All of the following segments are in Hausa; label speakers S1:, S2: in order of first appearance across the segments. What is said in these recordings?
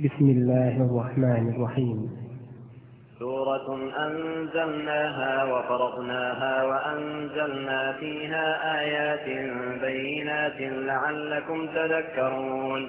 S1: بسم الله الرحمن الرحيم سورة أنزلناها وفرضناها وأنزلنا فيها آيات بينات لعلكم تذكرون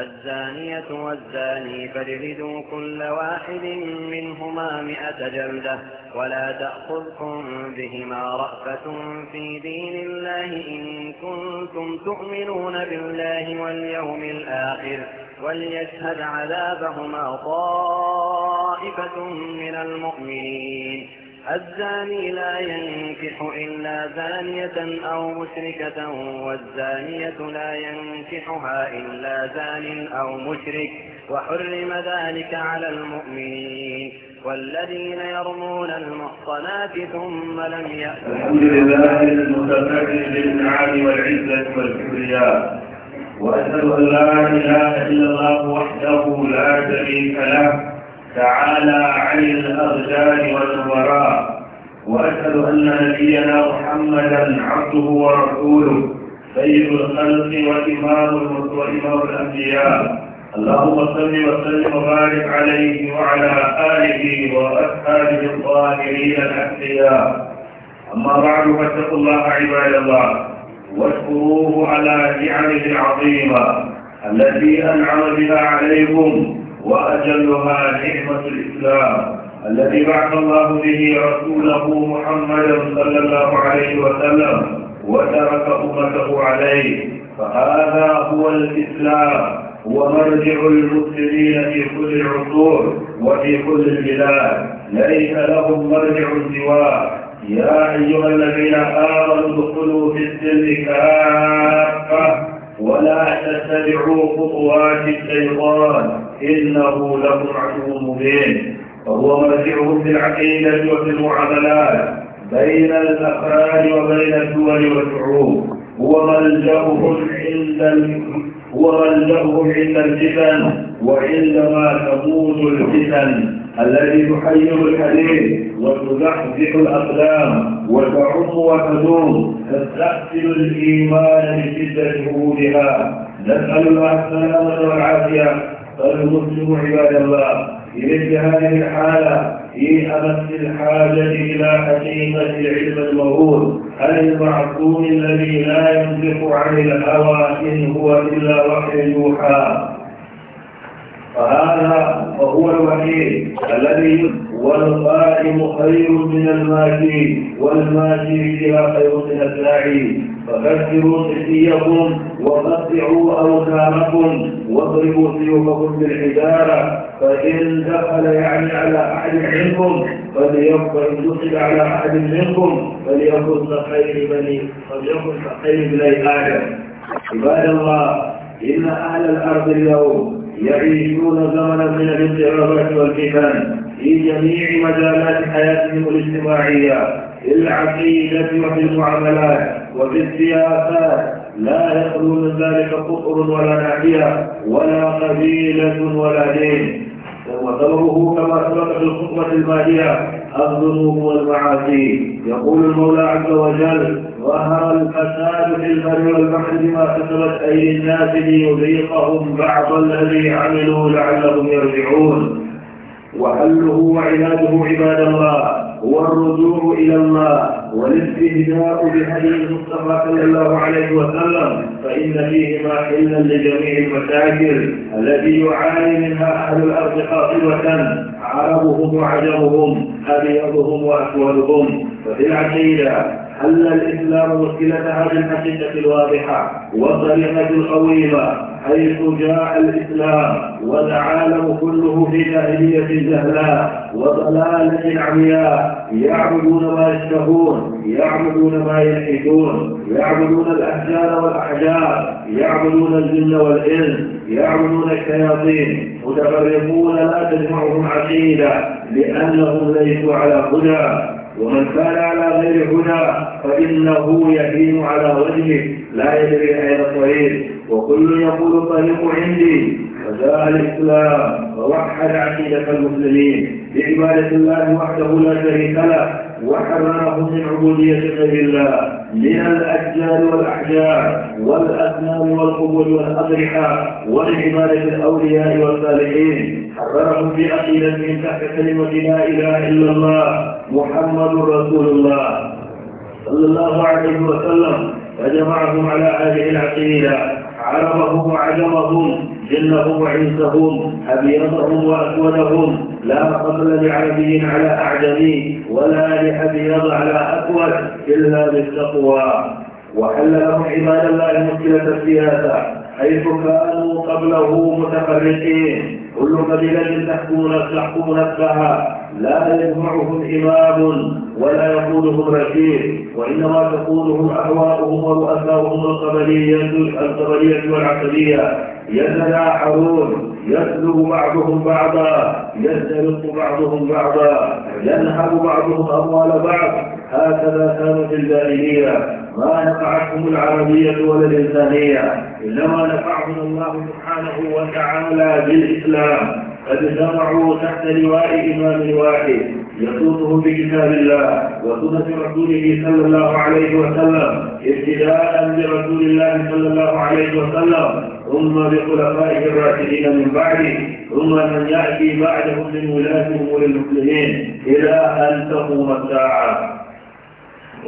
S1: الزانية والزاني فاجلدوا كل واحد منهما مئة جلدة ولا تأخذكم بهما رأفة في دين الله إن كنتم تؤمنون بالله واليوم الآخر وليشهد عذابهما طائفة من المؤمنين الزاني لا ينكح إلا زانية أو مشركة والزانية لا ينكحها إلا زان أو مشرك وحرم ذلك على المؤمنين والذين يرمون المحصنات ثم لم يأتوا الحمد لله المتفرد بالنعم والعزة والكبرياء وأشهد أن لا إله إلا الله وحده لا شريك له تعالى عن الأغلال والوراء وأشهد أن نبينا محمدا عبده ورسوله سيد الخلق وإمام وإمام الأنبياء اللهم صل وسلم وبارك عليه وعلى آله وأصحابه الطاهرين الأحياء أما بعد فاتقوا الله عباد الله واشكروه على نعمه العظيمة التي أنعم بها عليكم وأجلها نعمة الإسلام الذي بعث الله به رسوله محمدا صلى الله عليه وسلم وترك أمته عليه فهذا هو الإسلام ومرجع المسلمين في كل العصور وفي كل البلاد ليس لهم مرجع سواه يا أيها الذين آمنوا ادخلوا في السلم كافة ولا تتبعوا خطوات الشيطان إنه لكم عدو مبين وهو مرجعهم في العقيدة وفي المعاملات بين الأفراد وبين الدول والشعوب هو ملجأهم عند ورجعهم عند الفتن وعندما تموت الفتن الذي تحير الحديث وتزحزح الأقلام وتعم وتدوم تستأصل الإيمان بشدة وجودها نسأل الله السلامة والعافية فالمسلم عباد الله في مثل هذه الحالة في أمس الحاجة إلى حكيمة العلم هل المعصوم الذي لا ينفق عن الهوى إن هو إلا وحي يوحى فهذا هو الوكيل الذي والقائم خير من الماشي والماشي بها خير من الداعي فكسروا سقيكم وقطعوا اوثانكم واضربوا سيوفكم بالحجاره فان دخل يعني على احد منكم فليكن دخل على احد منكم فليكن كخير بني فليكن كخير بني ادم عباد الله ان اهل الارض اليوم يعيشون زمنا من الاضطرابات والكفان في جميع مجالات حياتهم الاجتماعية في العقيدة وفي المعاملات وفي السياسات لا يخلو من ذلك كفر ولا ناحية ولا قبيلة ولا دين وثوره كما سبق في الخطبة الماضية الذنوب والمعاصي يقول المولى عز وجل ظهر الفساد في البر والبحر بما كسبت أيدي الناس ليذيقهم بعض الذي عملوا لعلهم يرجعون وحله وعباده عباد الله هو الرجوع إلى الله والاستهزاء بحديث المصطفى صلى الله عليه وسلم فإن فيهما حلا لجميع المشاكل التي يعاني منها أهل الأرض قاطبة عربهم وعجمهم أبيضهم وأسودهم ففي العقيدة أن الإسلام مشكلتها بالحقيقة الواضحة والطريقة القويمة حيث جاء الإسلام والعالم كله في جاهلية جهلاء وضلالة عمياء يعبدون ما يشتهون يعبدون ما يلحدون يعبدون الأحجار والأحجار يعبدون الجن والإنس يعبدون الشياطين متفرقون لا تجمعهم عقيدة لأنهم ليسوا على هدى ومن كان على غير هدى فإنه يهين على وجهه لا يدري أين الطريق وكل يقول الطريق عندي فجاء الإسلام ووحد عقيدة المسلمين بعبادة الله وحده لا شريك له وحماه من عبودية غير الله من الأجيال والأحجار والأثنان والقبور والأضرحة ولعبادة الأولياء والصالحين أقيلة من تحت كلمة لا إله إلا الله محمد رسول الله صلى الله عليه وسلم فجمعهم على هذه العقيدة عربهم وعجمهم جنهم وعنسهم أبيضهم وأسودهم لا قبل لعربي على أعجمي ولا لأبيض على أسود إلا بالتقوى وحل لهم عباد الله مشكلة السياسة حيث كانوا قبله متفرقين كل قبيلة تحكون تحكون اتباعها لا يجمعهم إمام ولا يقودهم رشيد وإنما تقودهم أهواؤهم ورؤساؤهم القبلية القبلية والعقلية يتلاحرون يسلب بعضهم بعضا يسترق بعضهم بعضا ينهب بعضهم أموال بعض هكذا كانت الجاهلية ما نفعتهم العربية ولا الإنسانية إنما نفعهم الله سبحانه وتعالى بالإسلام الإسلام قد اجتمعوا تحت لواء إمام واحد يصوته بكتاب الله وسنة رسوله صلى الله عليه وسلم ابتداء برسول الله صلى الله عليه وسلم ثم بخلفائه الراشدين من بعده ثم من يأتي بعدهم من ولاة أمور المسلمين إلى أن تقوم الساعة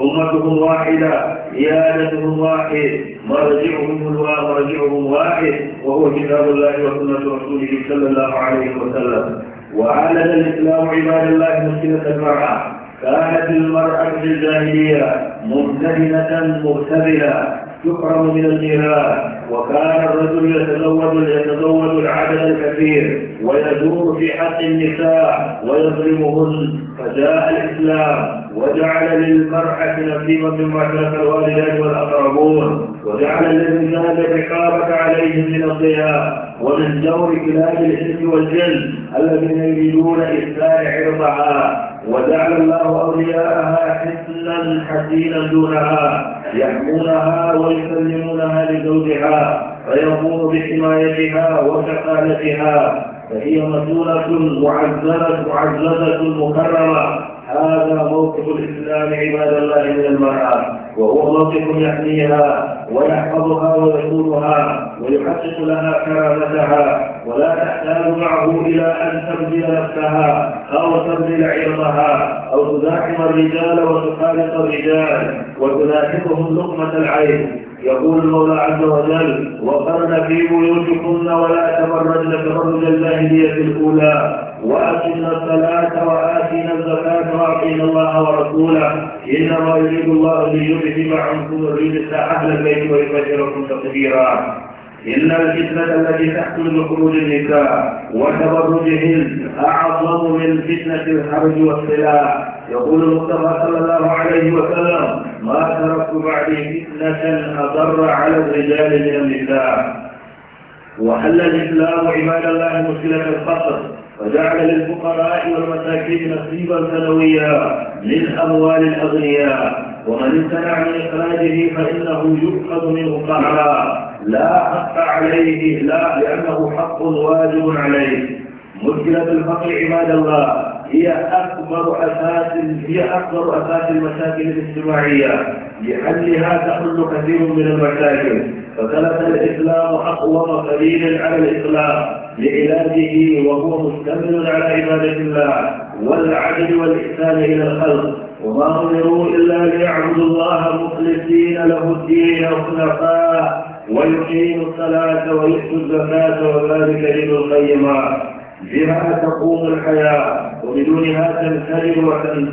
S1: أمتهم واحدة عيادتهم واحد مرجعهم مرجعهم واحد وهو كتاب الله وسنة رسوله صلى الله عليه وسلم وعلد الإسلام عباد الله مشكلة المرأة كانت المرأة في الجاهلية ممتهنة مغتبلة يحرم من الميراث وكان الرجل يتزوج يتزوج العدد الكثير ويزور في حق النساء ويظلمهن فجاء الاسلام وجعل للمرأة نصيبا من ترك الوالدان والأقربون وجعل للرجال الرقابة عليهم من الضياء ومن دور كلاب الإنس والجن الذين يريدون إسلام عرضها وجعل الله أولياءها حسنا حسينا دونها يحمونها ويسلمونها لزوجها فيقوم بحمايتها وشقالتها فهي مسؤولة معززة معززة مكرمة هذا موقف الإسلام عباد الله من المرأة وهو موقف يحميها ويحفظها ويكونها ويحقق لها كرامتها ولا تحتاج معه إلى أن تبذل نفسها أو تبذل عرضها أو تزاحم الرجال وتخالط الرجال وتلاحقهم لقمة العين يقول المولى عز وجل وقرن في بيوتكن ولا تبرجن تبرج الجاهلية الأولى وآتنا الصلاة وآتنا الزكاة وأعطينا الله ورسوله إنما يريد الله ليذهب عنكم الرجس أهل البيت ويفجركم تقديرا إن الفتنة التي تحصل بخروج النساء وتبرجهن أعظم من فتنة الحرج والسلاح يقول المصطفى صلى الله عليه وسلم ما تركت بعدي فتنة أضر على الرجال من النساء وحل الإسلام عباد الله مشكلة الفقر وجعل للفقراء والمساكين نصيبا سنويا من أموال الأغنياء ومن امتنع من إخراجه فإنه يؤخذ منه قهرا لا حق عليه لا لأنه حق واجب عليه مشكلة الفقر عباد الله هي أكبر أساس هي أكبر أساس المشاكل الاجتماعية لحلها تحل كثير من المشاكل فثبت الإسلام أقوى دليل على الإسلام لعلاجه وهو مستمر على عبادة الله والعدل والإحسان إلى الخلق وما أمروا إلا ليعبدوا الله مخلصين له الدين حنفاء ويقيموا الصلاة ويؤتوا الزكاة وذلك دين القيمة بها تقوم الحياة وبدونها تنسجم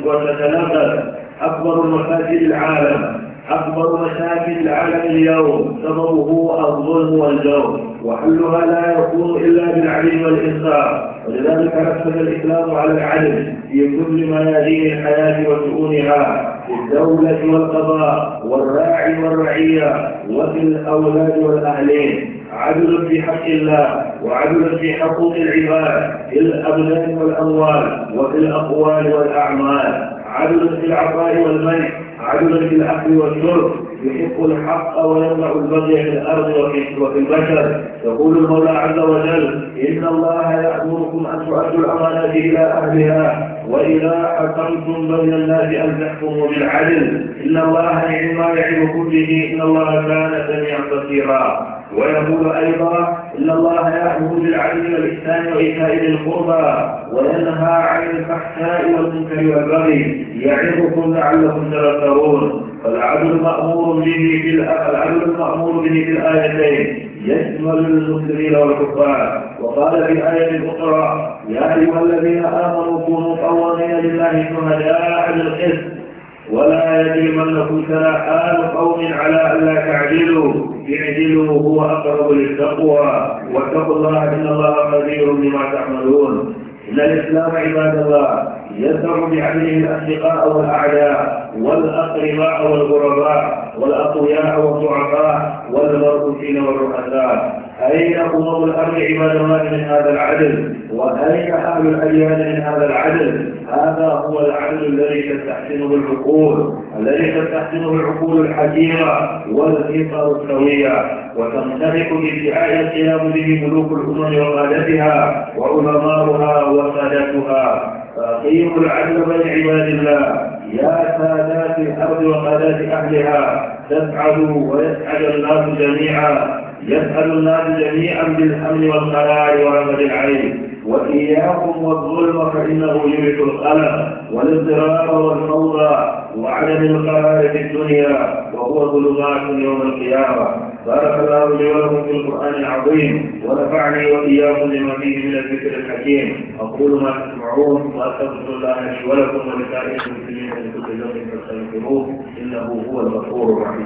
S1: وتتنفس أكبر مفاسد العالم أكبر مشاكل العالم اليوم سببه الظلم والجور وحلها لا يكون إلا بالعدل والإنصاف ولذلك ركز الإسلام على العدل في كل ميادين الحياة وشؤونها في الدولة والقضاء والراعي والرعية وفي الأولاد والأهلين عدل في حق الله وعدل في حقوق العباد في الأبدان والأموال وفي الأقوال والأعمال عدل في العطاء والمنع عدل في الأكل والشرب يحق الحق ويمنع البغي في الأرض وفي, البشر يقول المولى عز وجل إن الله يأمركم أن تؤدوا الأمانات إلى أهلها وإذا حكمتم بين الناس أن تحكموا بالعدل إن الله يعلم ما يعلمكم به إن الله كان سميعا بصيرا ويقول أيضا إن الله يأمر بالعدل والإحسان وإيتاء ذي القربى وينهى عن الفحشاء والمنكر والبغي يعظكم لعلكم تذكرون فالعدل مأمور به في العدل المأمور به في الآيتين يشمل المسلمين والكفار وقال في آية أخرى يا أيها الذين آمنوا كونوا قوامين لله شهداء بالقسط ولا يجرمنكم آل قوم على ألا تعدلوا اعدلوا هو أقرب للتقوى واتقوا الله إن الله قدير بما تعملون إن الإسلام عباد الله يدفع بعدله الأصدقاء والأعداء والأقرباء والغرباء والأقوياء والضعفاء والمرؤوسين والرؤساء أين قضاة الأمر عباد الله من هذا العدل وأين أهل الأديان من هذا العدل هذا هو العدل الذي تستحسنه العقول الذي تستحسنه العقول الحكيمة والفطر السوية وتمتلك بادعاء القيام به ملوك الأمم وقادتها وعلمائها وسادتها فأقيموا العدل بين عباد الله يا سادات الأرض وقادات أهلها تسعدوا ويسعد الناس جميعا يسأل الناس جميعا بالأمن والقرار ورغد العين وإياكم والظلم فإنه يورث القلق والاضطراب والفوضى وعدم القرار في الدنيا وهو ظلمات يوم القيامة بارك الله لي ولكم في القرآن العظيم ونفعني وإياكم لما فيه من الذكر الحكيم أقول ما تسمعون وأستغفر الله لي ولكم ولسائر المسلمين من كل ذنب فاستغفروه إنه هو الغفور الرحيم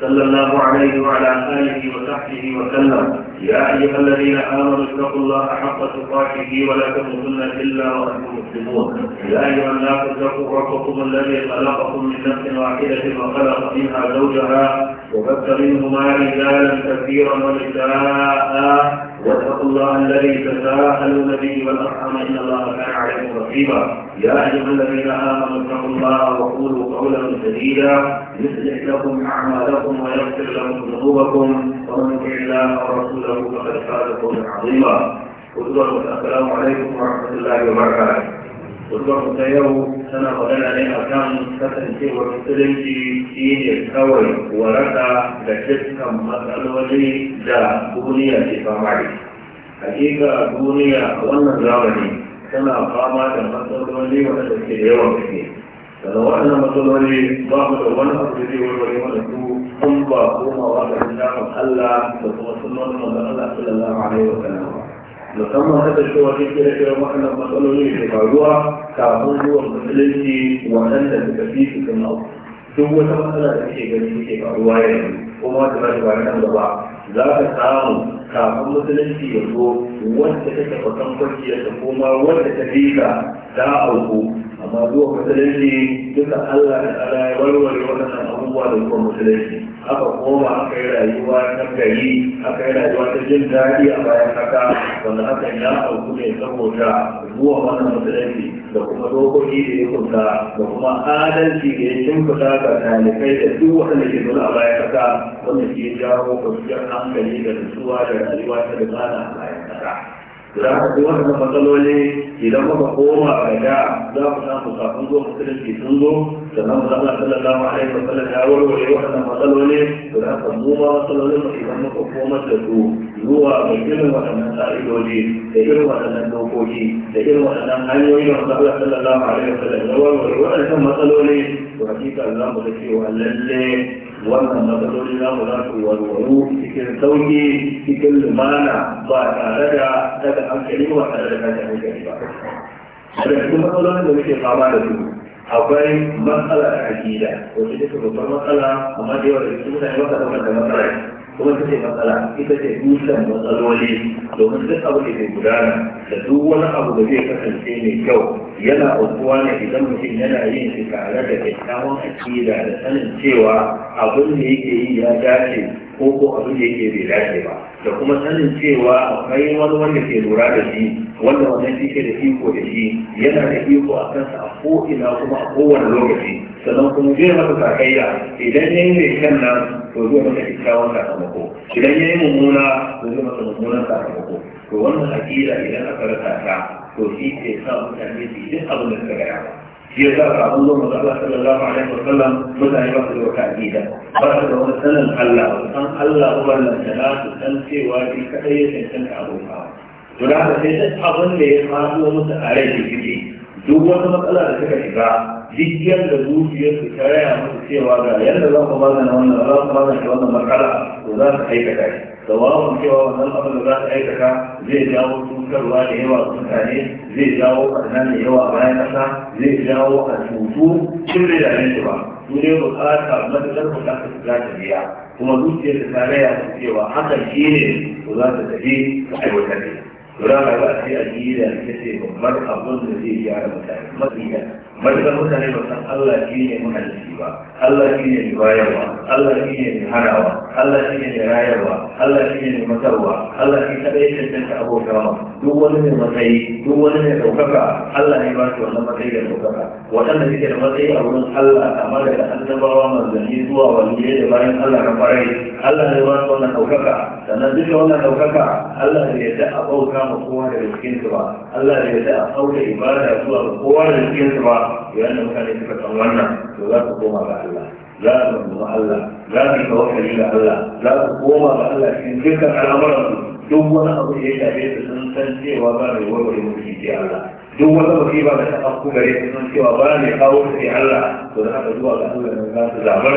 S1: صلى الله عليه وعلى آله وصحبه وسلم يا أيها الذين آمنوا اتقوا الله حق تقاته ولا تموتن إلا وأنتم مسلمون يا أيها الناس اتقوا ربكم الذي خلقكم من نفس واحدة وخلق منها زوجها وبث منهما رجالا كثيرا ونساء واتقوا الله الذي تساءلون به والأرحام ان الله كان عليكم رقيبا يا ايها الذين امنوا اتقوا الله وقولوا قولا سديدا يصلح لكم اعمالكم لكم ويغفر لكم ذنوبكم ومن يطع الله ورسوله فقد فاز فوزا عظيما السلام عليكم ورحمه الله وبركاته wadda ta yau tana magana ne a kan kasancewar musulunci shi ne kawai waraka da dukkan matsaloli da duniya ke fama hakika duniya a wannan zamani tana fama da matsaloli wanda ke yawan gaske daga wannan matsaloli ba mu da wani abu da zai warware mana abubuwa komawa ga littafin Allah da kuma sunan manzon Allah sallallahu alaihi wa sallam musamman haka shi wani kira kira waɗannan matsaloli da faruwa kafin zuwan musulunci waɗanda suka fi su kan duk wata matsala da kake gani ke faruwa yanzu kuma ta rashi ba nan gaba za ka samu kafin musulunci ya zo wanda take kwatankwaciyar ta koma wanda ta rika ta auku amma zuwa musulunci duka Allah da Allah ya warware waɗannan abubuwa da zuwa musulunci aka koma aka yi rayuwa na gari aka yi rayuwa ta jin daɗi a bayan haka wanda haka ya auku ne saboda zuwa wannan musulunci da kuma dokoki da ya kunta da kuma adalci da ya shimfiɗa ga talibai da duk waɗanda ke zuwa a bayan haka wanda ke jawo kwanciyar hankali da nutsuwa da rayuwa ta da a bayan haka. Idan ka ji wannan matsaloli idan muka koma a da za mu samu kafin zo musulunci sun zo sannan mu zama sallallahu alaihi wa sallam ya warware wannan matsaloli to za ka mu ma matsalolin mu idan muka koma da su zuwa ga irin waɗannan ƙa'idodi da irin waɗannan dokoki da irin waɗannan hanyoyi da mutum Allah sallallahu alaihi wa sallam ya warware waɗannan matsaloli to hakika za mu ga cewa lalle wannan matsaloli na mu za su warwaru cikin sauƙi cikin lumana ba tare da daga hankali ba tare da daga hankali ba daga cikin matsalolin da muke fama da su akwai matsala ta akida wacce take babbar matsala amma da yawa da cikin mutane ba ta da matsala kuma ta ce matsala ita ce dusan matsaloli domin duk abu da ke gudana da duk wani abu da zai kasance mai kyau yana aukuwa ne idan mutum yana yin shi tare da kyakkyawan akida da sanin cewa abin da yake yi ya dace ko ko abin da yake bai dace ba da kuma sanin cewa akwai wani wanda ke lura da shi wanda wannan shi ke da iko da shi yana da iko a kansa a ko ina kuma a kowane lokaci sannan kuma zai masa sakayya idan ya yi mai kan nan to zai masa kyakkyawan sakamako idan ya yi mummuna to zai masa mummunan sakamako to wannan hakila idan aka rasa ta to shi ke sa mutane su yi duk abin da suka gaya ba shi ya sa kafin zuwa masu Allah sallallahu alaihi wa sallam mutane ba su da wata aƙida ba su da wani sanin Allah ba san Allah ba lanta na su san cewa shi kaɗai ya cancanta abota to da haka sai duk abin da ya faɗo musu a rai da suke duk wata matsala da suka shiga duk yadda zuciyar su ta raya musu cewa ga yadda za ku magana wannan za ku magana wannan matsala to za su aikata shi da wawan cewa wannan abin da za su aikata zai jawo su cutarwa da yawa mutane zai jawo ɓarna da yawa bayan ƙasa zai jawo a cutu cin da dame su ba su ne bukata matuƙar bukata su za ta biya kuma zuciyar da ta raya su cewa haka shi ne ku za ta tafi ka aiwatar ne. Tura ka ba a ce a ji da ita ce babbar abin da zai gyara mutane matsiya. Matuƙar mutane ba san Allah shi ne mahalicci ba, Allah shi ne mai bayarwa, Allah shi ne mai hanawa, Allah shi ne rayarwa Allah shi ne matarwa Allah shi kaɗai cancanta abokawa duk wani mai matsayi duk wani mai ɗaukaka Allah ne ba shi wannan matsayi da ɗaukaka waɗanda suke da matsayi a wurin Allah kama daga annabawa manzanni zuwa ne da bayan Allah na farai Allah ne ba shi wannan ɗaukaka sannan duk wannan ɗaukaka Allah ne ya ta bauta ma kowa daga cikin su ba Allah ne ya ta sauke ibada zuwa ga kowa daga cikin su ba yayin da mutane suka san wannan to za su koma ga Allah za a zama Allah za su tawakkali ga Allah za su koma ga Allah cikin dukkan al'amuran duk wani abu da ya shafe su sun san cewa ba mai warware mutum ke Allah duk wata musiba da ta afku gare su sun cewa ba mai kawo su ke Allah to da haka zuwa ga Allah ne za su ba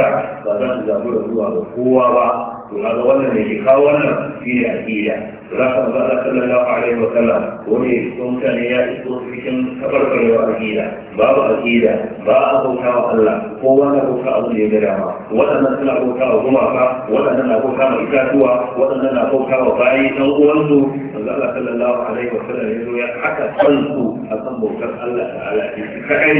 S1: za su zuwa ga kowa ba to kaga wannan ne ke kawo wannan shi ne zaka zaka sallallahu alaihi wa sallam wani sun ne ya iso cikin tabarbarewa aqida babu aqida ba a bauta wa Allah ko wani bauta abu da ya ga dama waɗannan suna bauta wa gumaka waɗannan na bauta wa itatuwa waɗannan na bauta wa bayi ɗan uwansu Allah sallallahu alaihi wa sallam ya zo ya haka kansu a kan bautar Allah ta'ala shi kai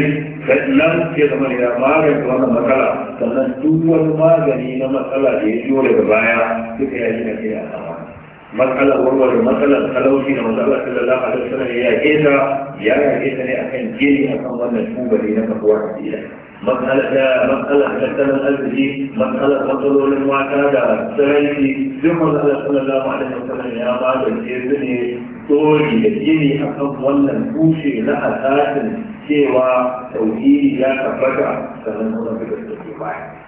S1: sannan ya zama ya magance wannan matsala sannan duk wani magani na matsala da ya jiyo daga baya duka ya yi na kai a sama matsalar warware matsalar talauci da matsalar sallallahu alaihi wasallam ya yake ta ya yake ta ne akan gini akan wannan tubali na kafuwa a gida matsalar tattalin arziki matsalar matsalolin mata da tsiraici duk matsalar sallallahu alaihi wasallam ya magance su ne tsori da gini akan wannan tushe na asasin cewa tauhidi ya tabbata sannan kuma suka tafi baya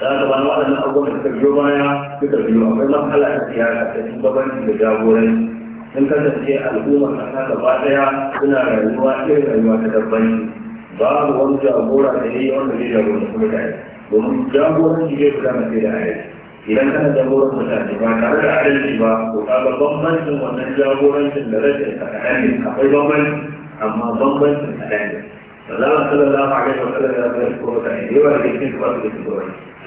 S1: ta ba na waɗannan abubuwan da suka biyo baya su suka biyo akwai matsala ta siyasa ta shugabanci da jagoranci sun kasance al'ummar na kasa gaba ɗaya suna rayuwa irin rayuwa ta dabbanci babu wani jagora da ya yi wanda zai kuma jagoranci mutane domin jagoranci zai fita mace da ayyuka idan kana jagoran mutane ba tare da adalci ba to kaga bambancin wannan jagorancin da rashin ka kaɗan ne akwai bambanci amma bambancin kaɗan ne. Allah sallallahu alaihi wa sallam ya zama shukuru da yawa da yake kuma da shukuru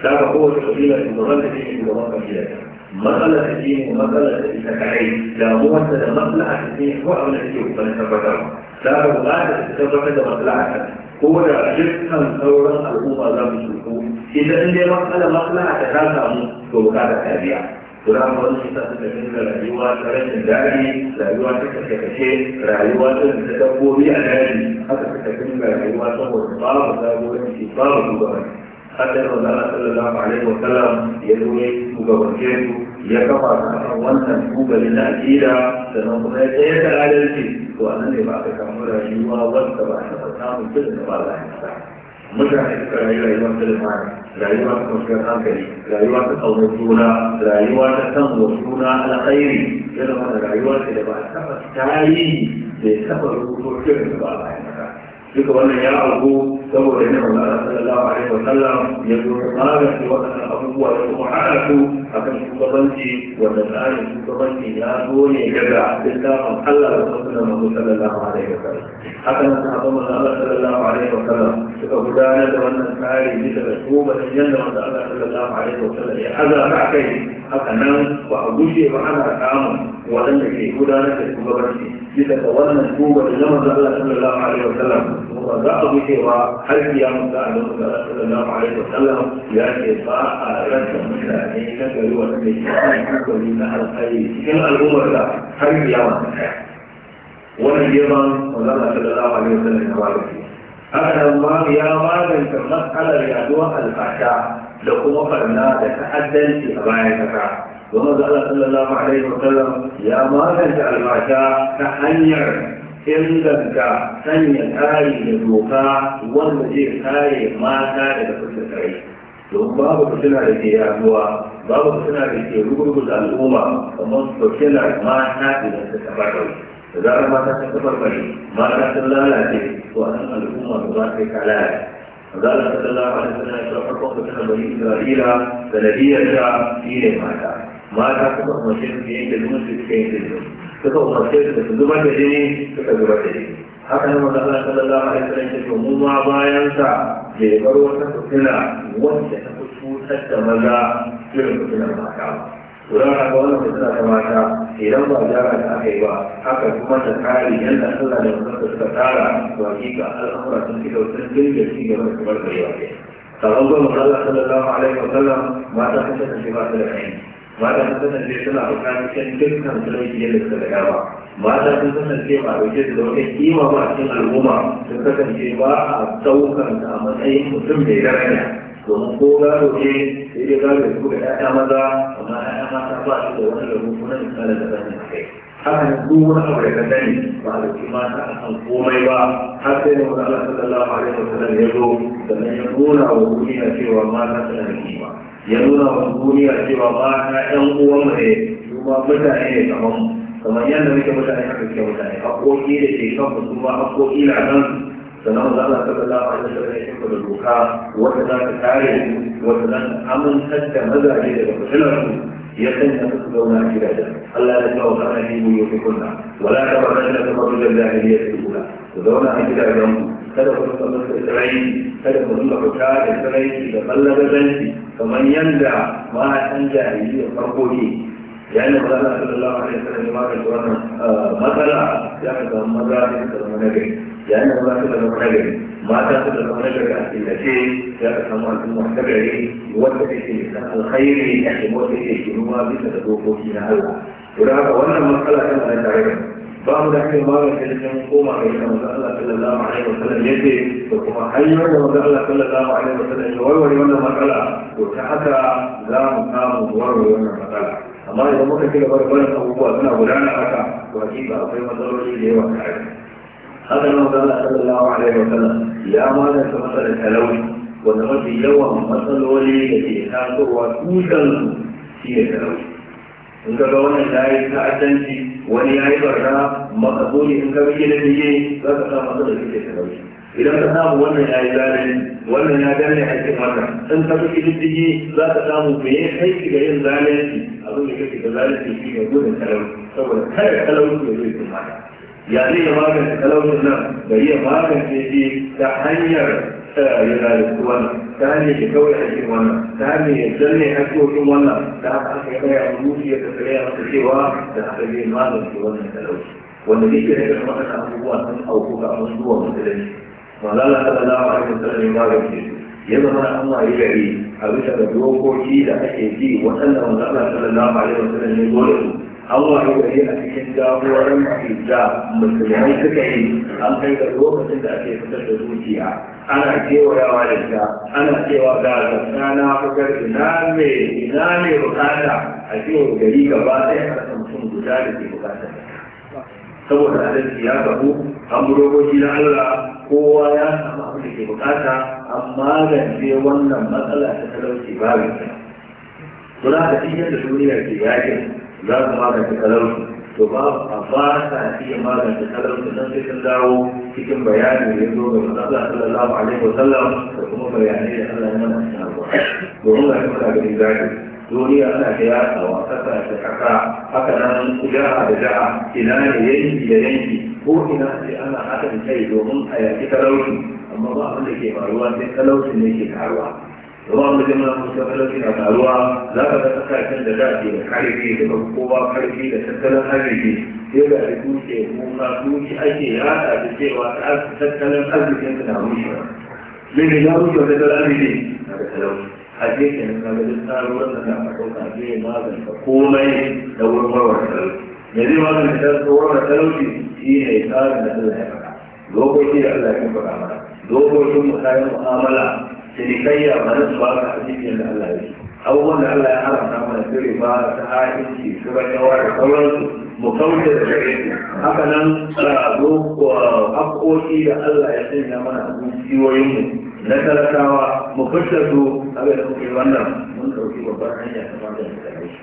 S1: كما هو تقديم المرافق المرافق لك مسألة الدين ومسألة التكعيد لا ممثل مصلحة الدين هو أولى الدين فنتفكر لا مباعدة تتفكر مصلحة هو جدا ثورا الأمة لا مسلحه إذا عندي مسألة مصلحة تتعلم فبكاتا تابعة Kurang wani sa suka dinga rayuwa ta rashin daɗi, rayuwa ta kashe-kashe, rayuwa ta da dabbobi a daji, haka suka dinga rayuwa saboda babu zagoranci, babu dubarai. hadda da Allah sallallahu alaihi wa ya zo ya shugabance su ya kafa a wannan tubalin na da nan kuma ya tsaye da adalci to a nan ne ba ka samu rayuwa wanda ba ta ba samun kudin da ba za a yi mutane suka rayu rayuwar tilmani rayuwa ta kwanciyar hankali rayuwa ta ƙaunar juna rayuwa ta san wa na alkhairi yana mana rayuwa ce da ba ta taɓa tarihi bai taɓa rubuto shirin da ba a yi duka wannan ya auku saboda yana wanda ala sallallahu alaihi wa sallam ya zo magance waɗannan abubuwa da kuma hana su a kan shugabanci wanda tsarin shugabanci ya zo ne daga littafin allah da kuma sunan mamu sallallahu alaihi wa sallam حتى نتحطم الله صلى الله عليه وسلم فقدانة وأن الفعالي بتبسوبة الجنة وأن صلى الله عليه وسلم هذا معكي حتى نام وأبوشي وحنا أتعامل ولن يكي قدانة الكبرتي لتتولى الكوبة لما الله صلى الله عليه وسلم وضع بك وحل يا مستعد صلى الله عليه وسلم لأن إطاعة لك مستعدين لك ولك لك ولك لك لك لك لك لك لك لك لك لك ونهيضا صلى الله عليه وسلم كواليك أهلا الله يا راضي تغلق على الياجوة الفحشاء لكم وفرنا تتحدى في أبايتك ومضى الله صلى الله عليه وسلم يا ما تنجع الفحشاء تحنير إنك سنية هاي للموقع والمجيب هاي ما تاري لكل سعيد لو بابا كنا لكي يا جوا بابا كنا لكي يقول لكم الأمة ومصر كنا ما تاري لكل سعيد da zarar mata sun kafar mata sun lalace to al'umma ba za ta yi kalaya zala sallallahu alaihi wasallam ya farko da kana bari Isra'ila mata mata kuma umarce su yayin da zumunci suka yi da zumunci suka da su zubar da zubar da wanda Allah sallallahu alaihi wasallam ya ce mu ma bayan sa bai bar wata fitina wacce ta fi cutar da maza irin mata don haka wannan fitina ta mata idan ba gyara da aka yi ba haka kuma ta kare yadda Allah da mutum suka tsara to hakika al'amura sun fi dautar jirgin ci gaba da kamar da yawa sabon gwamnati Allah sallallahu alaihi wa sallam mata sun kasance ba su da ainihi mata sun kasance suna bukatun dukkan sarauki da suka da dama mata sun kasance ba dauke da wata kima ba cikin al'umma sun kasance ba a daukan a matsayin mutum mai daraja domin ko gado ce sai dai gado ya kuka ɗaya maza amma ɗaya mata ba shi da wani rabu kuma da kala da zan kai haka ne duk wani abu da kan gani ba da ke ta a kan komai ba har sai ne wani Allah sallallahu alaihi wa sallam ya zo sannan ya nuna wa duniya cewa ma mata suna da kima ya nuna wa duniya cewa ma mata ɗan mu ne su ma mutane ne kamar mu kamar yadda muke mutane haka ke mutane haƙoƙi da ke kan su ma haƙoƙi na nan Allah ta sallallahu alaihi ta ya shimfa da doka wata za ta kare wata za ta amintar da mazaje daga fitilar ya sanya su zauna gidajen Allah ya kawo kana ne mu yake kunna wala ta ba kana da marujan jahiliya su kula ku zauna a gidajen kada ku rika masa tsirai kada ku san ku ta da tsirai da ballagaranci kamar yanda ma matan jahiliya farko ne يعني مولانا صلى الله عليه وسلم ما كان قرانا مثلا يعني مثلا يتكلم نبي yayin da ba su da zama nagari mata su da zama nagari a cikin tace za ka samu al'umma ta gari wanda take san alkhairi a cikin wanda take kinuwa bisa da dokoki na haihuwa, to da haka wannan matsala tana da tare da ba mu da kai magana da cikin koma ga ita manzo Allah sallallahu alaihi Wa wasallam yace da kuma hanyar da manzo Allah sallallahu alaihi Wa wasallam ya warware wannan matsala to ta haka za mu samu warware wannan matsala amma idan muka ci gaba da barin abubuwa suna gudana haka to hakika akwai matsaloli da yawa tare haka nan Allah sallallahu alaihi wa sallam ya magance matsalar talauci wanda mafi yawan matsaloli da ke tasowa tutan shi ne talauci in ka ga wannan ya yi ta'addanci wani ya yi barna maka dole in ka bi gidan bige za ka sa matsalar da ke talauci idan ka samu wannan ya yi zalunci wannan ya gane aikin maka in ka bi diddigi za ka samu me ya kai ki yin zalunci abin da kake da zalunci shi ne gudun talauci saboda kada talauci ya zo ya kuma ya zai ya magance talaucin nan da iya magance shi ta hanyar ya zalunci wannan ta hanyar ya kawai haƙƙin wannan ta hanyar ya danne haƙƙoƙin wannan da haka aka yi kaya a ya ta tsaye a masa cewa da aka zai magance wannan talauci wanda zai kira irin waɗannan abubuwa sun auku ga abin zuwa musulunci manzala ta zala wa aikin sallar ya magance su ya zama na Allah yi gari a bisa ga dokoki da ake bi waɗanda manzala ta zala wa aikin sallar ya zo da su Allah ya gari a cikin jagoran da musulmai suka yi an kai ga lokacin da ake fitar da zuciya ana kewayawa da ita ana cewa ga gasa na fitar ina ne ina ne bukata a cikin gari gaba ɗaya a mutum guda da ke bukata saboda adalci ya gabu an burokoki na Allah kowa ya samu abin da ke bukata an magance wannan matsala ta talauci babu ta. Kula da cikin da duniya ke yakin za su magance kalarsu to ba a ba sa iya magance kalarsu don sai sun dawo cikin bayani da ya zo ga manzala sallallahu alaihi wa sallam da kuma bayanai da Allah ya mana cikin alƙur'ani domin ga shi muna ganin zaki duniya ana kiyasawa kasa da kasa haka nan jaha da jaha ina ne yanki da yanki ko ina sai ana haka da kai domin a yaki talauci amma ba abin da ke faruwa sai talauci ne ke karuwa ruwa mu jama mu tabbatar da karuwa za ka ga kasashen da za su da karfi da kowa karfi da tattalin arziki sai da da dutse kuma dutse ake yada da cewa tattalin arzikin na rushewa zai ne ya rushe wata tattalin arziki na da talauci haje ke nan ka gajin tsaruwar da ka ɗauka zai maganta komai da wurin warware talauci me zai maganta warware talauci shi ne tsarin da Allah ya lokaci da Allah ya faɗa mana lokacin mu kayan mu'amala cinikayya ba na su ba ka da Allah ya abubuwan da Allah ya haramta mana su riba ta ha'inci su rashawa da sauransu mu kauce da shari'a haka nan rago haƙoƙi da Allah ya sanya mana a zuciyoyinmu na talakawa mu fitar su abin da kuke wannan mun ɗauki babbar hanya ta magana da shi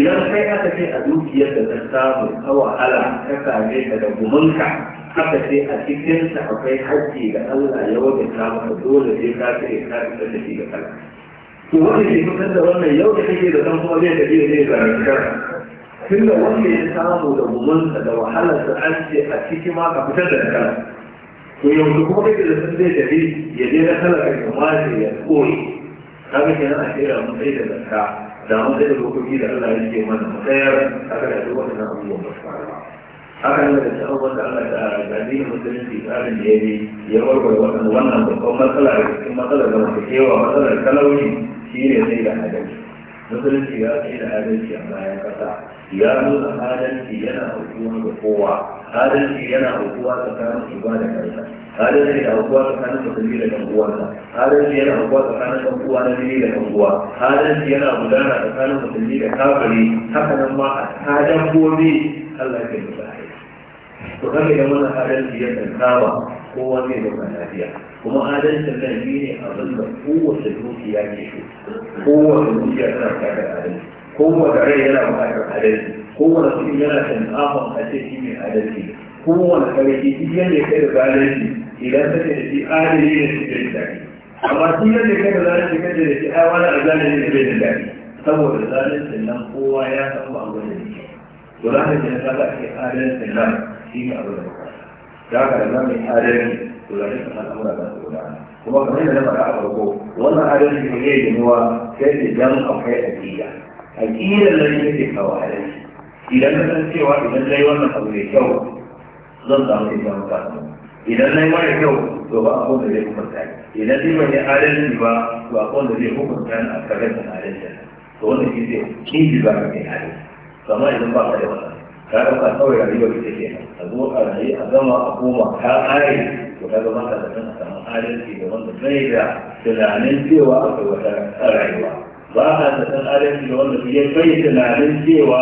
S1: idan kai aka ce a dukiyar da ta samu a wahala ta same ka gumanka haka sai a cikinsa akwai hajji ga Allah ya wajen samun dole sai ka ce ka fitar da shi ga Allah. To wanda ke fitar da wannan yau da kake da san kuma zai tafi da zai zarantar. Tun da wanda ya samu da gumansa da wahalarsa an ce a ciki ma ka fitar da kala. To yanzu kuma kake da san zai tafi ya je na kala kai kuma ya koyi. Kaga kenan a ce da mun sai da zakka da mun sai da lokaci da Allah ya ce mana mu tsayar kaga da duk wannan abubuwan ba su faru haka ne da abubuwan da Allah da gadi da musulunci tsarin da ya yi ya warware wannan wannan babban matsala da cikin matsalar da muke kewa matsalar talauci shi ne sai da adalci musulunci ya ce da adalci a bayan kasa ya nuna adalci yana aukuwa ga kowa adalci yana aukuwa tsakanin uba da kansa adalci yana aukuwa tsakanin musulmi da kan uwansa adalci yana aukuwa tsakanin kan uwa na jini da kan uwa adalci yana gudana tsakanin musulmi da kafiri haka nan ma a ta dabbobi Allah ya kai to kan idan mana adalci ya tsankaba kowa zai zama lafiya kuma adalcin nan shi ne abin da kowace dukiya ke so kowace dukiya tana buƙatar adalci kowace rai yana buƙatar adalci kowane kuɗi yana tsankafan a ce shi mai adalci kowane sarki duk yadda ya kai da zalunci idan kake da shi adalci ne shi ke daɗi amma duk yadda ya kai da zalunci kake da shi ai wani azalin ne zai da daɗi saboda zalunci nan kowa ya san ba gwada da ورانا جنسالة في آلة سنة فيما أبو لبقى a الإمام آلة ورانا سنة أمر بسولا kuma kamar yadda na faɗa a farko wannan adalci ne zai ginuwa sai da dan akwai aƙida aƙidar nan ne kawo adalci idan na san cewa idan na yi wannan abu mai kyau zan samu ikon samu idan na yi mara kyau to ba abu da zai hukunta ni idan ni ban yi adalci ba to abu da zai hukunta a kare da adalci to wannan shi zai kinji za ka kai adalci kama idan ba ka da wannan ka ɗauka kawai rayuwar ita ke a zo a rayu a gama a koma ka ƙare to ka zama ka zaton a samu adalci da wanda bai da tunanin cewa akwai wata rayuwa ba a zaton adalci da wanda ya bai tunanin cewa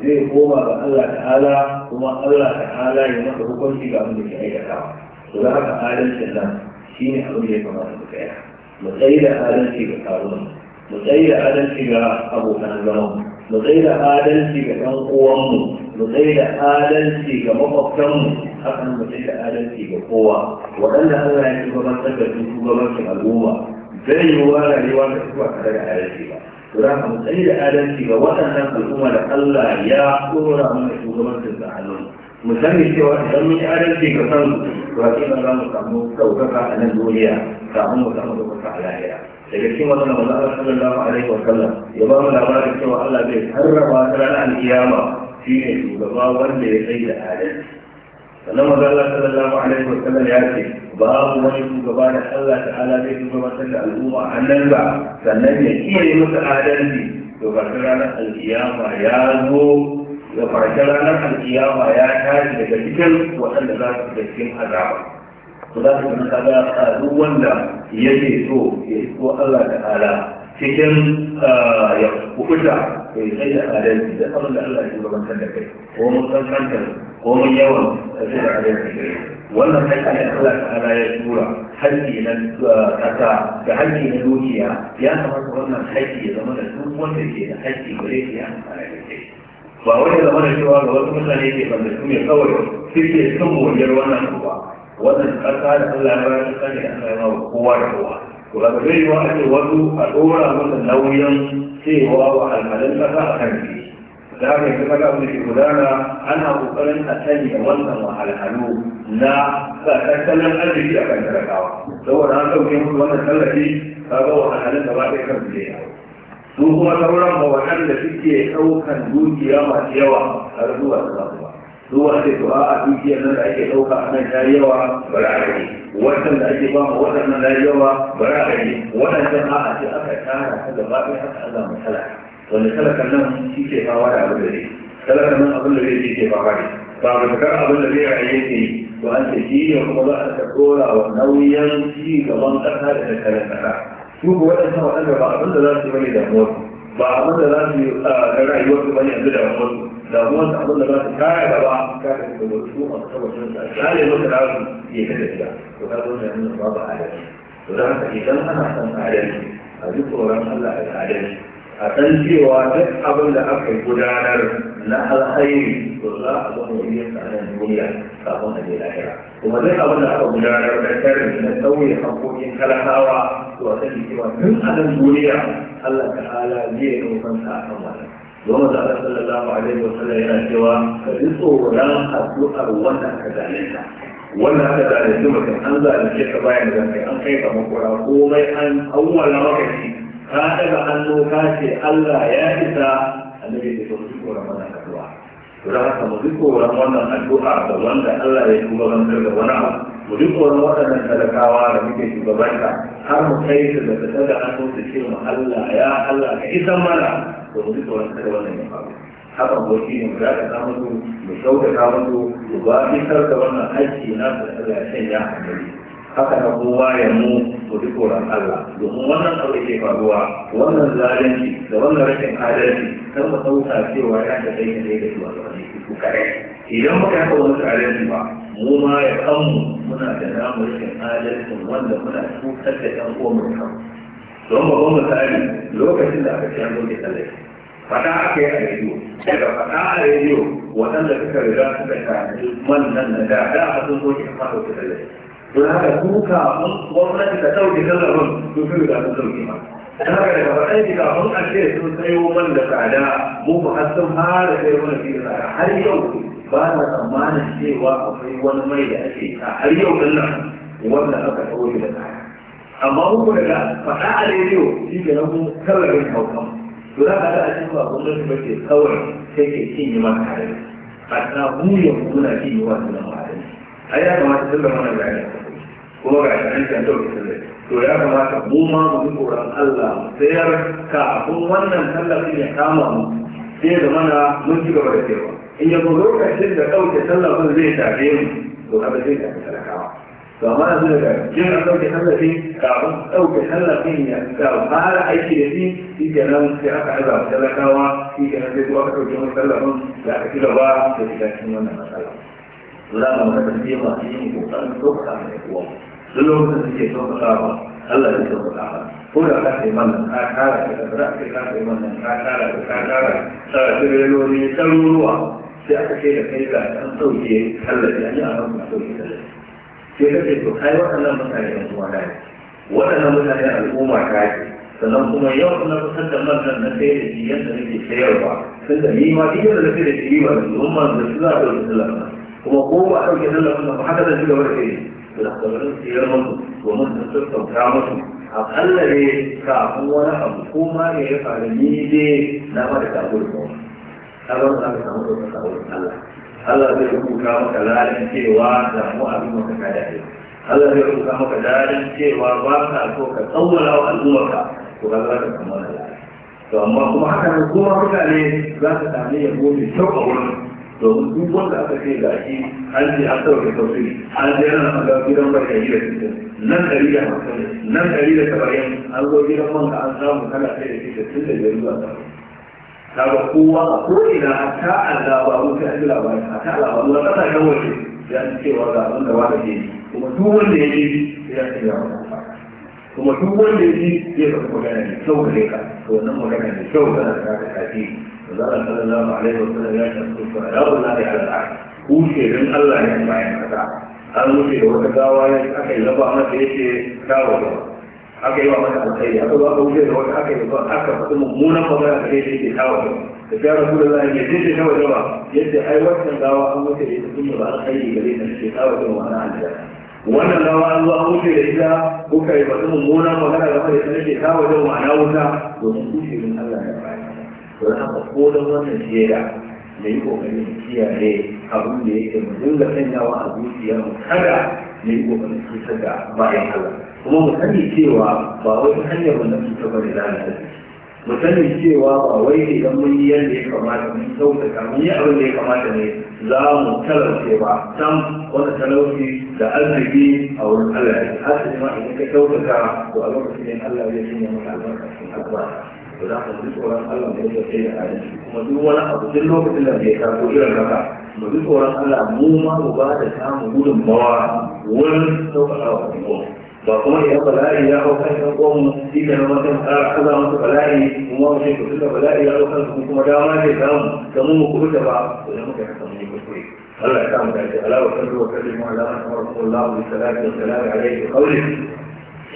S1: zai koma ga Allah ta'ala kuma Allah ta'ala ya masa hukunci ga abin da ke aikatawa to da haka adalcin nan shi ne abin da ya kamata mu tsaya mu tsayi da adalci ga karunan mu tsayi da adalci ga abokan zaman mu mu tsaye da adalci ga ɗan uwanmu mu tsaye da adalci ga makwabtanmu haka mu tsaye da adalci ga kowa waɗanda Allah ya gabatar da su gabatar al'umma zai yi wa rayuwa da su ba tare da adalci ba to za mu tsaye da adalci ga waɗannan al'umma da Allah ya tsora mana shugabancin sa hannun mu sani cewa idan mun yi adalci ga kansu to hakika za mu samu ɗaukaka a nan duniya kafin mu samu ɗaukaka a lahira daga cikin wannan manzo Allah sallallahu alaihi wa sallam ya ba mu labarin cewa Allah zai harraba ta ranar alkiyama shine shugaba wanda ya sai da adalci sannan manzo Allah sallallahu alaihi wa sallam ya ce ba mu wani shugaba da Allah ta'ala zai shugabantar da al'umma a nan ba sannan ya kiyaye musu adalci to ga ranar alkiyama ya zo ga farashin ranar alkiyama ya tashi daga cikin waɗanda za su da cikin azaba to za ka kuma kaga a duk wanda yake so ya isko Allah da ala cikin ya kuɓuta ya yi da adalci da abin da Allah ya gabatar da kai ko mun san kanta ko mun yawan sai da adalci wannan kai ne Allah ta ala ya tura haƙƙi na ƙasa da haƙƙi na dukiya ya kamata wannan haƙƙi ya zama da duk wanda ke da haƙƙi gare shi ya amfana da kai ba wani zama da cewa ga wasu mutane ke bandattu ne kawai suke son wajen wannan abu ba wannan ƙasa da Allah ya bayar da ne Allah ya ba kowa da kowa to ba zai yi wa ake wasu a ɗora masa nauyin cewa wa alhalin ƙasa a kan shi da haka yanzu kaga abin da ke gudana ana ƙoƙarin a sanya wannan wahalhalu na tattalin arziki a kan talakawa saboda an ɗauke musu wannan tallafi kaga wahalhalun da ba ɗaya kan su su kuma sauran ba waɗanda suke ɗaukan dukiya masu yawa a zuwa su su wanda to a dukiyar nan da ake ɗauka a nan ta yawa bara a gani wannan da ake bamu waɗannan na yawa bara a gani waɗannan a ce aka tara ta gaba ɗaya haka Allah matsala wanda talakan nan shi ke fawa da abin da zai talakan nan abin da zai shi ke fawa ne ba ga takar abin da zai rayu yake yi to an ce shi ne kuma za a ta ɗora wa nauyin ci gaban ƙasa da tattalin ƙasa su ko waɗannan waɗanda ba abin da za su yi bane damuwarsu ba abin da za su yi rayuwarsu bane yanzu damuwarsu damuwar da abin da za ta kaya gaba ta ka daga wasu a kasabacin da zale maka da su ya kada shiga to ka zo da yanzu babu adalci to da haka idan ana son adalci a ji tsoron Allah a adalci a san cewa duk abin da aka gudanar na alhairi to za a zo mu yi tsanan duniya kafin a je lahira kuma duk abin da aka gudanar na tarin na sauye hankokin talakawa to a sani cewa tun a nan duniya Allah ta'ala zai ɗaukan sa a kan wannan don da Allah sallallahu alaihi wa sallam yana cewa ka ji tsoron addu'ar wanda ka zalunta wanda aka zalunci mutum an zalunce ka bayan da kai an kai ka makura komai an awwala maka shi ka daga hannu ka ce Allah ya isa annabi da ke tsoron wannan addu'a to da haka mu ji tsoron wannan addu'a da wanda Allah ya shugabantar da wani abu mu ji tsoron waɗannan talakawa da muke shugabanta har mu kai su da ta da hannu da ce ma Allah ya Allah ka isan mana to mu duka tsoron kada wannan ya faru haka goshi ne za ka samu su mu sauƙaƙa musu mu ba isar da wannan aiki na da Allah ya sanya a haka na kowa ya mu mu ji tsoron Allah domin wannan abu ke faruwa wannan zalunci da wannan rashin adalci kan mu ɗauka cewa ya ta kai ne da shugabanni su kare idan muka yi wani adalci ba mu ma ya kanmu muna da namun rikin adalcin wanda muna cutar da ɗan uwan kan don ba misali lokacin da aka ci an zoke tsalle faɗa aka yi a rediyo daga faɗa a rediyo waɗanda suka riga suka tafi man nan da da da sun a amma ɗauke tsalle don haka su kafin gwamnati ta sauke tsalle sun fi riga sun sauke ma dan haka daga faɗin shi kafin a ce sun sayo man da tsada mu ba har sun fara kai mana fi tsada har yau ba na tsammanin cewa akwai wani mai da ake ta har yau din nan wanda aka ɗaure da tsada amma mu daga faɗa a rediyo shi ke nan mun kawai haukan to za ka ga a cikin ba gwamnati ba ke kawai sai ke cin cinye ma tare a na buyan muna cinye wa sunan ma'adani ai ya kamata sun da mana gani kuma ga shi an can ɗauke sun da to ya kamata mu ma mu yi koran Allah sayar kafin wannan tallafin ya kama mu sai da mana mun ci gaba da cewa in ya zo lokacin da ɗauke tallafin zai tafe mu to kada zai tafi talakawa to amma yanzu daga jin an ɗauke tallafin kafin ɗauke tallafin ya ga fara aiki da shi shi kenan sai aka haza mu talakawa shi kenan sai kuma aka ɗauke wani tallafin da aka ci gaba da shiga cikin wannan matsala. Za mu kasance masu yin kokarin ɗauka mai kuwa. duk lokacin suke ba. Allah ya ba. ko da ka kai wannan ka kara ka ka za ka kai wannan ka kara ka ka kara sarafireloli ɗaruruwa sai aka ce da kai ga ɗan sauƙe. tallafi an yi a nan ba sauƙi tallafi sai ka ce to kai waɗannan mutane yan uwa da ne waɗannan mutane al'umma ta ce sannan kuma yau na kusan da man nan na sai da shi yadda nake sayarwa tun da ni ma duk da na sai da shi ba da al'umma da su za a ɗauki tallafin kuma ko ba a ɗauki tallafin ba haka da shi gaba da kai يستمرون سيرهم ومن تسلطهم كامتهم أقل لي كعفوا لحكوما يفعل ميدي نعمل كأقول موت أبدا لا الله cewa ba ka so ka tsawwala wa al'ummarka to ka za ka samu lalin. To amma kuma haka mutane za ka sami yabo mai kyau a wurin domin duk wanda aka ce ga shi an je an da sauki an je yana maga gidan barka yi da fita nan ɗari da hamsin nan ɗari da saba'in an zo gidan man ka an samu kana sai da fita tun da biyar zuwa sama ta ga kowa a ko'ina a ta a labaru ta ji labaru a ta labaru a ƙasashen waje ya ci cewa ga abin da wata ke kuma duk wanda ya ji ya ce ya wata kuma duk wanda ya ji zai faɗi magana ne, kyau ka gare ka to wannan magana ne, kyau kana da ta tafi Allah sallallahu alaihi wa sallam ya tafi shuhada'u lahi ala al-ard kushe don Allah ya bayan kasa an wuce da wata gawa ya aka yi raba mata yace kawo aka yi wa mata alkhairi aka ba wuce da wata aka yi ba aka faɗi mummunan magana da yace ke kawo da ya rabu da zai ya dace kawo da ba yadda ai wancan gawa an wuce da ita kuma ba alkhairi gare ta ke kawo da wani aljanna wannan gawa an zo an wuce da ita kuka yi mummunan da ita nake ta wajen ma'ana wuta domin kushe min Allah ya don haka ko don wannan jera da yi kokarin kiyaye abin da yake mu dinga yawa a zuciya mu kada da yi kokarin cutar da bayan Allah kuma mu sani cewa ba wai hanyar wanda su ba ne lalata. mu sani mu sani cewa ba wai idan mun yi yadda ya kamata mun sauƙaƙa mun yi abin da ya kamata ne za mu talauce ba sam wani talauci da arziki a wurin Allah ne hasali ma idan ka sauƙaƙa to a lokacin Allah zai sanya maka albarka sun albarka to za ka ji tsoron Allah da ya da adalci kuma duk wani abu duk lokacin da ya kaso irin haka mu ji tsoron Allah mu ma mu ba da samu gudunmawa wurin sauƙaƙa wa al'umma ba kuma idan bala'i ya hau kan ɗan uwanmu shi ke nan mutum ƙara kaza masa bala'i kuma mu ce duka bala'i ya hau kan su kuma dama ce samu kamar mu kuɓuta ba to da muka kasa mu yi kuskure الله يسلمك الا وصلوا وسلموا على من امركم الله بالصلاه والسلام عليه بقوله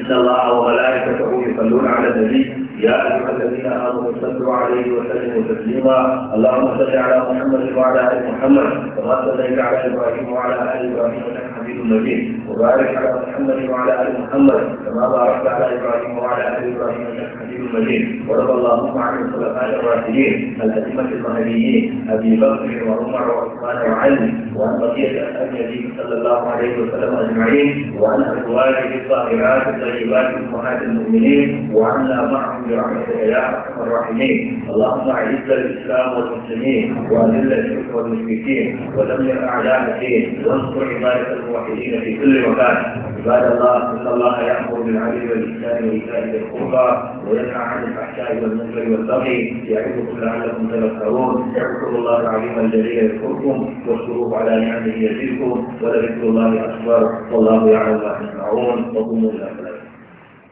S1: ان الله وملائكته يصلون على النبي يا ايها الذين امنوا صلوا عليه وسلموا تسليما اللهم صل على محمد وعلى ال محمد كما صليت على ابراهيم وعلى ال ابراهيم انك حميد مجيد وبارك على محمد وعلى ال محمد كما باركت على ابراهيم وعلى ال ابراهيم انك حميد مجيد ورضى اللهم عن الخلفاء الراشدين الائمه المهديين ابي بكر وعمر وعثمان وعلي وعن بقيه أهل النبي صلى الله عليه وسلم اجمعين وعن ازواجه الطاهرات الطيبات امهات المؤمنين وعنا معهم برحمتك يا ارحم الراحمين اللهم اعز الاسلام والمسلمين واذل الشرك والمشركين ودمر اعداء الدين وانصر عبادك المؤمنين الموحدين في كل مكان عباد الله ان الله يامر بالعدل والاحسان وايتاء ذي القربى وينهى عن الفحشاء والنكر والبغي يعظكم لعلكم تذكرون اذكروا الله العظيم الجليل يذكركم واشكروه على نعمه يزدكم ولذكر الله اكبر والله يعلم ما تسمعون وقوموا الى